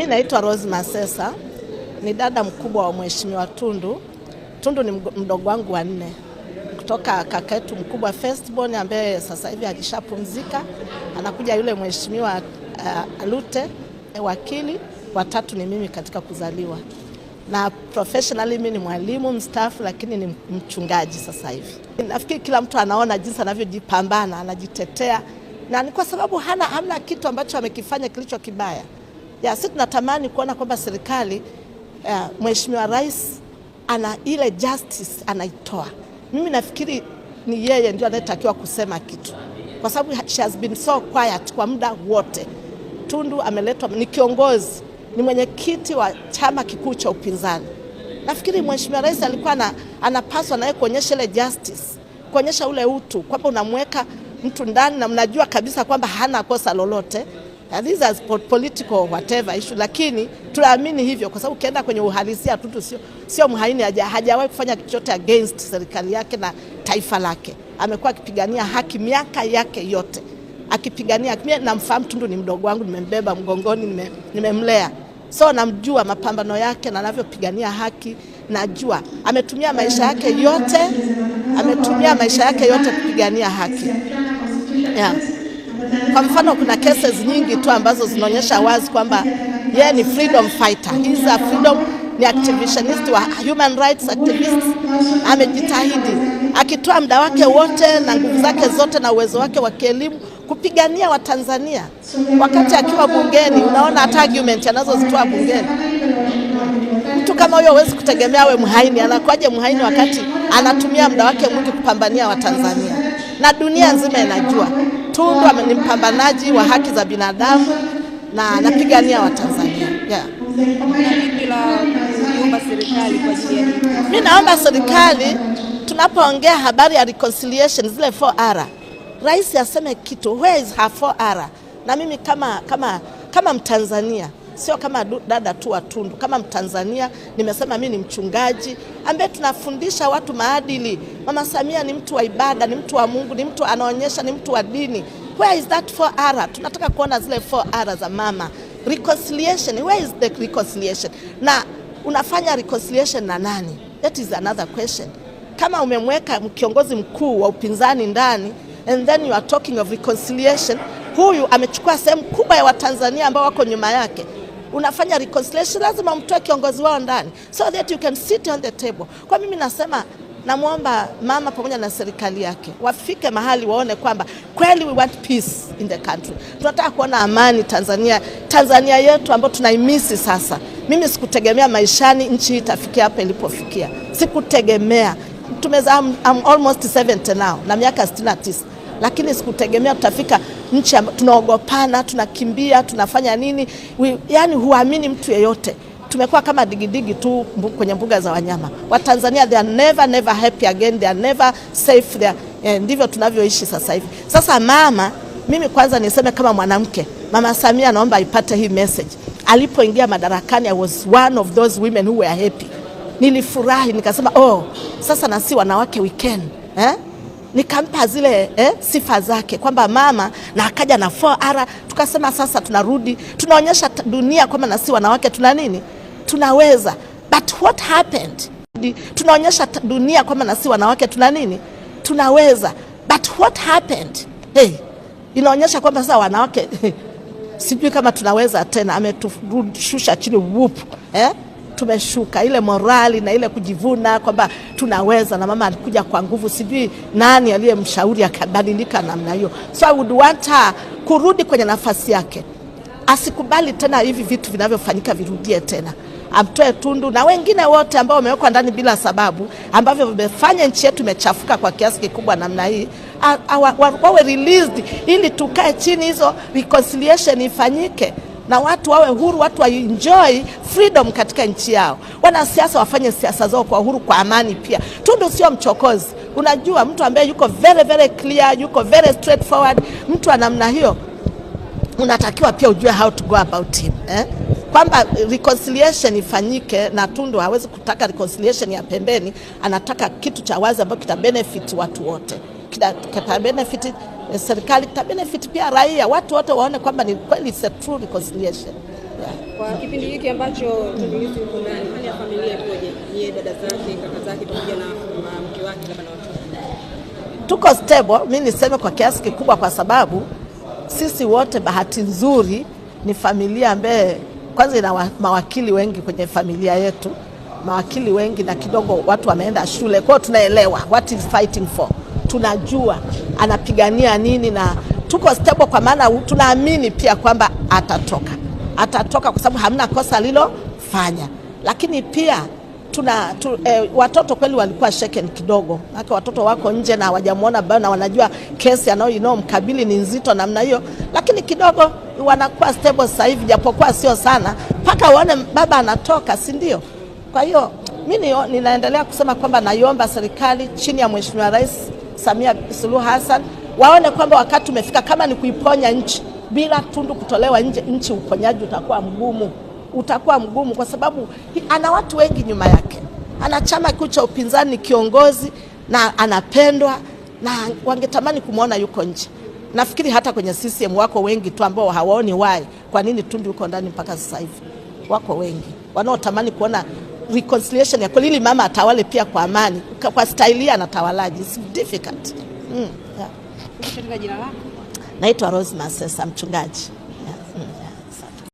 Mi naitwa Rose Masesa, ni dada mkubwa wa Mheshimiwa Tundu. Tundu ni mdogo wangu wa nne kutoka kaka yetu mkubwa Firstborn ambaye sasa hivi alishapumzika, anakuja yule Mheshimiwa uh, Lute eh, wakili. Watatu ni mimi katika kuzaliwa, na professionally mimi ni mwalimu mstaafu, lakini ni mchungaji sasa hivi. Nafikiri kila mtu anaona jinsi anavyojipambana, anajitetea na ni kwa sababu hana hamna kitu ambacho amekifanya kilicho kibaya ya sisi tunatamani kuona kwamba serikali uh, Mheshimiwa Rais ana ile justice anaitoa. Mimi nafikiri ni yeye ndio anayetakiwa kusema kitu, kwa sababu she has been so quiet kwa muda wote. Tundu ameletwa, ni kiongozi, ni mwenyekiti wa chama kikuu cha upinzani. Nafikiri Mheshimiwa Rais alikuwa na, anapaswa naye kuonyesha ile justice, kuonyesha ule utu kwamba unamweka mtu ndani na mnajua kabisa kwamba hana kosa lolote and as political whatever issue, lakini tunaamini hivyo kwa sababu ukienda kwenye uhalisia Tundu sio, sio mhaini, hajawahi kufanya chochote against serikali yake na taifa lake. Amekuwa akipigania haki miaka yake yote akipigania. Mimi namfahamu Tundu, ni mdogo wangu, nimembeba mgongoni, nimemlea nime so namjua mapambano yake na anavyopigania haki najua ametumia maisha yake yote, ametumia maisha yake yote kupigania haki yeah. Kwa mfano, kuna cases nyingi tu ambazo zinaonyesha wazi kwamba yeye ni freedom fighter, he's a freedom ni activist wa human rights activist. Amejitahidi akitoa muda wake wote na nguvu zake zote na uwezo wake wa kielimu kupigania Watanzania. Wakati akiwa bungeni, unaona hata argument anazozitoa bungeni, mtu kama huyo huwezi kutegemea we mhaini. Anakuwaje mhaini wakati anatumia muda wake mwingi kupambania Watanzania na dunia nzima inajua? Tundu ni mpambanaji wa haki za binadamu na anapigania Watanzania yeah. Mi naomba serikali, tunapoongea habari ya reconciliation, zile 4R, rais aseme kitu, where is her 4R? Na mimi kama, kama, kama Mtanzania sio kama dada tu watundu Kama Mtanzania nimesema mi ni mchungaji ambaye tunafundisha watu maadili. Mama Samia ni mtu wa ibada, ni mtu wa Mungu, ni mtu anaonyesha, ni mtu wa dini. Where is that 4R? Tunataka kuona zile 4R za mama reconciliation. Where is the reconciliation? Na unafanya reconciliation na nani? That is another question. Kama umemweka kiongozi mkuu wa upinzani ndani and then you are talking of reconciliation, huyu amechukua sehemu kubwa ya Watanzania ambao wako nyuma yake unafanya reconciliation, lazima mtoe kiongozi wao ndani so that you can sit on the table. Kwa mimi nasema namwomba mama pamoja na serikali yake wafike mahali waone kwamba kweli we want peace in the country. Tunataka kuona amani Tanzania, Tanzania yetu ambayo tunaimisi sasa. Mimi sikutegemea maishani nchi hii itafikia hapa ilipofikia, sikutegemea. Tumeza, I'm, I'm almost 70 now na miaka 69 lakini sikutegemea tutafika nchi tunaogopana, tunakimbia, tunafanya nini, yani huamini mtu yeyote. Tumekuwa kama digidigi tu kwenye mbuga za wanyama. Tanzania, they are never never happy again, they are never safe there. Eh, ndivyo tunavyoishi sasa hivi. Sasa mama, mimi kwanza niseme kama mwanamke, Mama Samia naomba aipate hii message. Alipoingia madarakani, I was one of those women who were happy. Nilifurahi nikasema, oh, sasa nasi wanawake we can eh? nikampa zile eh, sifa zake kwamba mama, na akaja na 4R. Tukasema sasa tunarudi tunaonyesha dunia kwamba na si wanawake tuna nini, tunaweza. But what happened? Tunaonyesha dunia kwamba na si wanawake tuna nini, tunaweza. But what happened? Hey, inaonyesha kwamba sasa wanawake sijui kama tunaweza tena, ametushusha chini whoop, eh? tumeshuka, ile morali na ile kujivuna kwamba tunaweza, na mama alikuja kwa nguvu. Sijui nani aliyemshauri akabadilika namna hiyo. So I would want her kurudi kwenye nafasi yake, asikubali tena hivi vitu vinavyofanyika virudie tena, amtoe Tundu na wengine wote ambao wamewekwa ndani bila sababu, ambavyo vimefanya nchi yetu imechafuka kwa kiasi kikubwa namna hii, wawe released ili tukae chini, hizo reconciliation ifanyike na watu wawe huru, watu waenjoy freedom katika nchi yao. Wanasiasa wafanye siasa zao kwa uhuru, kwa amani. Pia Tundu sio mchokozi. Unajua, mtu ambaye yuko very very clear, yuko very straightforward, mtu wa namna hiyo unatakiwa pia ujue how to go about him eh? kwamba reconciliation ifanyike, na Tundu hawezi kutaka reconciliation ya pembeni, anataka kitu cha wazi ambacho kita benefit watu wote, kita benefit eh, serikali itabenefit pia raia, watu wote waone kwamba ni kweli it's a true reconciliation. Kwa kipindi hiki ambacho tunahisi kuna hali ya familia ikoje? Yeye, dada zake, kaka zake pamoja na mke wake labda na watoto. Tuko stable, mimi niseme kwa kiasi kikubwa, kwa sababu sisi wote bahati nzuri ni familia ambaye kwanza ina mawakili wengi kwenye familia yetu, mawakili wengi na kidogo watu wameenda shule, kwao, tunaelewa what is fighting for tunajua anapigania nini na tuko stable, kwa maana tunaamini pia kwamba atatoka, atatoka kwa sababu hamna kosa alilofanya. Lakini pia tuna tu, eh, watoto kweli walikuwa shaken kidogo, hata watoto wako nje na hawajamuona bado, na wanajua kesi mkabili ni nzito namna hiyo, lakini kidogo wanakuwa stable sasa hivi, japokuwa sio sana, mpaka waone baba anatoka, si ndio? Kwa hiyo mi ninaendelea kusema kwamba naiomba serikali chini ya Mheshimiwa Rais Samia Suluhu Hassan waone kwamba wakati umefika, kama ni kuiponya nchi bila Tundu kutolewa nje nchi, uponyaji utakuwa mgumu, utakuwa mgumu kwa sababu ana watu wengi nyuma yake, ana chama kikuu cha upinzani, kiongozi na anapendwa na wangetamani kumwona yuko nje. Nafikiri hata kwenye CCM wako wengi tu ambao hawaoni wai kwa nini Tundu yuko ndani mpaka sasa hivi, wako wengi wanaotamani kuona reconciliation ya kweli, mama atawale pia kwa amani, kwa staili anatawalaje? It's difficult mm, yeah. Naitwa Rose Masesa, mchungaji.